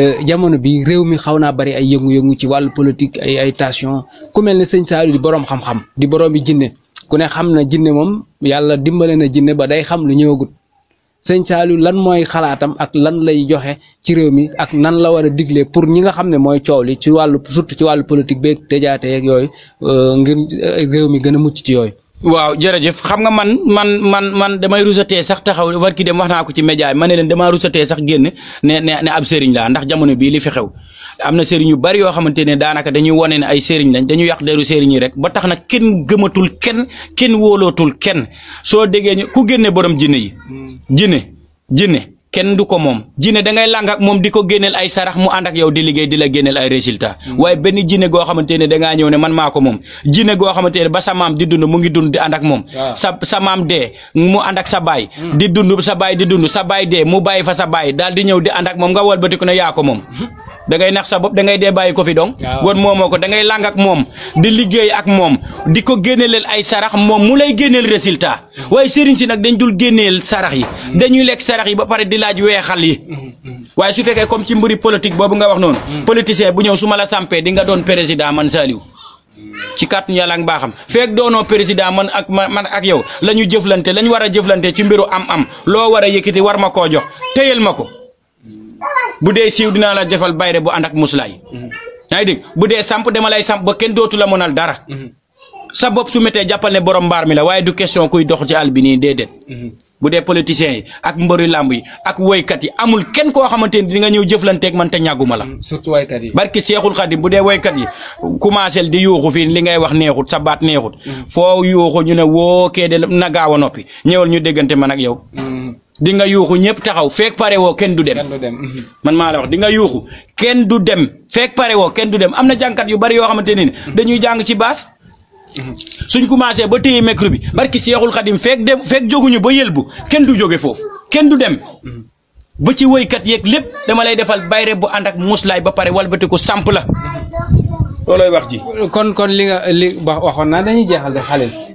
Euh, jamono bi réew mi xaw naa bari ay yëngu-yëngu ci wàllu politique ay ay tension ku mel ne sëñ Saliou di boroom xam-xam di boroom bi jinne ku ne xam na jinne moom yàlla dimbale na jinne ba day xam lu ñëwagut sëñ Saliou lan mooy xalaatam ak lan lay joxe ci réew mi ak nan la war a diglee pour ñi nga xam ne mooy coow li ci wàllu surtout ci wàllu politique beeg tëjaate yeeg yooyu euh, ngir euh, réew mi gën a mucc ci yooyu. waaw jërëjëf xam nga man man man man damay rusatee sax taxaw war ki dem wax naa ko ci média yi ma ne leen damaa rusatee sax génn ne ne ne ab sëriñ laa ndax jamono bii li fi xew am na sëriñ yu bari yoo xamante ne daanaka dañuy wane ne ay sëriñ lañ dañu yàq deru sëriñ yi rek ba tax na kenn gëmatul kenn kenn wóolootul kenn soo déggee ñu ku génne borom jinne yi hmm. jinne jinne kenn du ko moom jinne da ngay làng moom di ko génneel ay sarax mu ànd ak yow di liggéey di la génneel ay résultat mm. waaye benn jinne goo xamante ne da ñëw ne man maa ko moom jinne goo xamante ne ba sa maam di dund mu ngi dund di ànd ak moom ah. sa sa maam dee mu ànd ak sa baay mm. di dund sa baay di dund sa baay dee mu bàyyi fa sa baay daal di ñëw di ànd ak moom nga walbatiku ne yaa ko moom mm-hmm. da ngay nax sa bopp da ngay dee bàyyi ko fi dong góor moomoo ko da ngay làng moom di liggéey ak moom di ko génneel ay sarax moom mu lay génneel résultat waaye sëriñ si nag dañ dul génneel sarax yi dañuy lekk sarax yi ba pare di laaj weexal yi mm, mm. waaye su fekkee comme ci mbiri politique boobu nga wax noonu mm. politicien bu ñëw su mala la sampee di nga doon président man Saliou ci kàttan yàlla ak baaxam feek doonoo président man ak man ak yow la ñu jëflante la ñu war a jëflante ci mbiru am am loo war a yëkkati war ma koo jox téyel ma ko bu dee siiw dinaa la defal bayre bu ànd ak muslaay mm-hmm. yaa bu dee samp dama lay samp ba kenn dootu la mënal dara mm-hmm. sa bopp su méttee jàppal ne borom mbaar mi la waaye du question kuy dox ci àll bi nii déedéet mm-hmm. bu dee politiciens yi ak mbëru làmb yi ak woykat yi amul kenn koo xamante ni di nga ñëw jëflanteeg man te ñàgguma la. surtout woykat yi. barki Seexul Xadim bu dee woykat yi commencé di yuuxu fii li ngay wax neexut sa baat neexut. foo yuuxu ñu ne woo kee de na gaaw a noppi ñëwal ñu déggante man ak yow. di nga yuuxu ñëpp taxaw feek pare woo kenn du dem. Mhm. man maa la wax di nga yuuxu kenn du dem feek pare woo kenn du dem am na jànkat yu bari yoo xamante ne mhm. dañuy jàng ci baas. Mhm. suñ commencé ba téye micro bi barki Seexul Xadim feek dem feek jóguñu ba yëlbu kenn du joge foofu kenn du dem. ba ci woykat yeeg lépp dama lay defal bayre bu ànd ak muslaay ba pare walbati ko samp la loolooy wax ji. kon kon li nga li waxoon naa dañuy jeexal de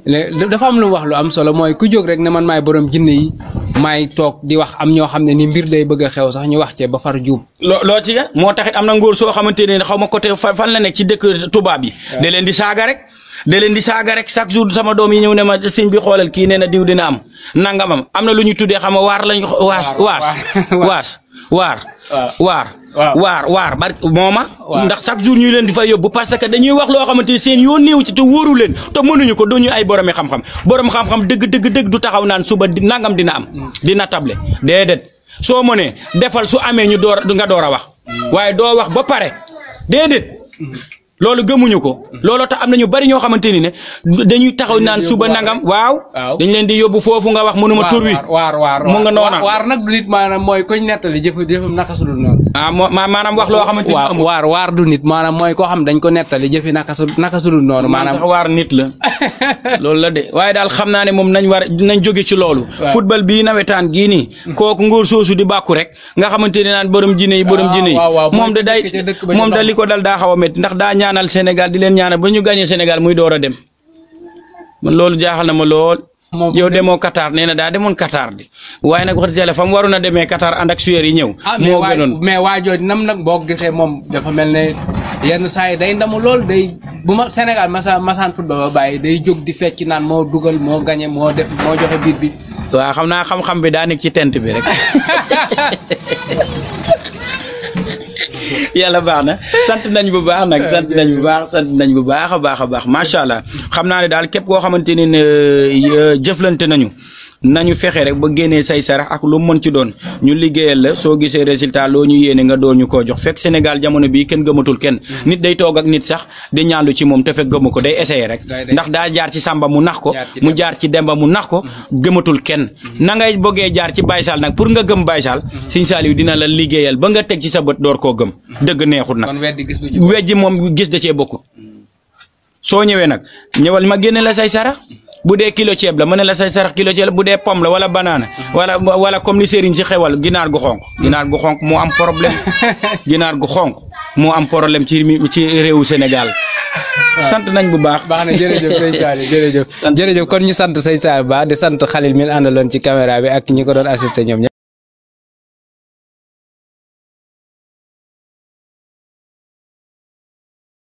dafa am lu wax lu am solo mooy ku jóg rek ne man maay borom jinne yi maay toog di wax am ñoo xam ne ni mbir day bëgg a xew sax ñu wax cee ba far juum. loo loo ci ya moo taxit am na ngóor soo xamante ne xaw ma côté fan la nekk ci dëkk tubaab yi. da leen di saaga rek. da leen di saaga rek chaque jour sama doom yi ñëw ne ma sëñ bi xoolal kii nee na diw dina am nangamam am na lu ñu tuddee xam nga waar lañ. waas waas waas. waar. waar waar waar bar mooma ndax chaque jour ñuy leen di fa yóbbu parce que dañuy wax loo xamante ni seen yoon néew ci te wóoru leen te mënuñu ko duñu ay boromi xam-xam borom xam dëgg dëgg dëgg du taxaw naan suba nangam dina am. Mm. dina table déedéet soo mënee defal su amee ñu door nga door a wax mm. waaye doo wax ba pare déedéet. Mm. loolu gëmuñu ko. Mm-hmm. looloo tax am na ñu bari ñoo xamante ni ne dañuy taxaw naan suba nangam waaw. dañ leen di yóbbu foofu nga wax mënuma tur wi. waar waar mu nga noona waar nag du nit maanaam mooy koñ nettali jëf jëfam naka ah, wax loo xamante ni amul waar waar du nit maanaam mooy koo xam dañ ko nettali jëfi naka su naka su dul noonu. maanaam waar nit la loolu la de waaye daal xam naa ne moom nañ war nañ jóge ci loolu. football bii nawetaan gii nii. Mm-hmm. kooku ngóor soosu di bàkku rek nga xamante ne naan borom jinne yi borom ah, moom da day moom da li ko dal daa a ñaanal Sénégal di leen ñaanal ba ñu gagné Sénégal muy door a dem man loolu jaaxal na ma lool. yow demoo Qatar nee na daa demoon Qatar di waaye nag wax dëgg yàlla fa a demee Qatar ànd ak suyeer yi ñëw. Ah, moo gënoon mais waajoo nam nag boo gisee moom dafa mel na yenn saa yi day ndamu lool day bu ma Sénégal masa masaan football ba bàyyi day jóg di fecc naan moo dugal moo gagné moo def moo joxe biir bi. waaw xam naa xam-xam bi daa nekk ci tent bi rek. yàlla baax na sant nañ bu baax nag sant nañ bu baax sant nañ bu baax a baax a baax macha allah xam naa ne daal képp koo xamante ne euh, jëflante nañu ñu fexe rek ba génnee say sarax ak lu mën ci doon ñu liggéeyal la soo gisee résultat loo ñu yéene nga doon ñu koo jox fekk Sénégal jamono bii kenn gëmatul kenn mm-hmm. nit day toog ak nit sax di ñaandu ci moom te fekk gëmu ko day essayer rek ndax daa jaar ci Samba mu nax ko mu jaar ci Demba mu nax ko mm-hmm. gëmatul kenn mm-hmm. na ngay bëggee jaar ci Baye nag pour nga gëm Baye Sall Sëñ Saliou dina la liggéeyal ba nga teg ci sa bët door koo gëm dëgg neexul nag wejji moom gis da cee bokk soo ñëwee nag ñëwal ma génne la say sarax bu dee kilo ceeb la mën na la say sarax kilo ceeb bu dee pomme la wala banana wala wala comme li Serigne si xewal ginaar gu xonq ginaar gu xonq moo am problème ginaar gu xonq moo am problème ci ci réewu Sénégal sant nañ bu baax. baax na jërëjëf sëñ Saliou kon ñu sant say Saliou bu baax di sant xalil mi àndaloon ci caméra bi ak ñi ko doon assisté ñoom.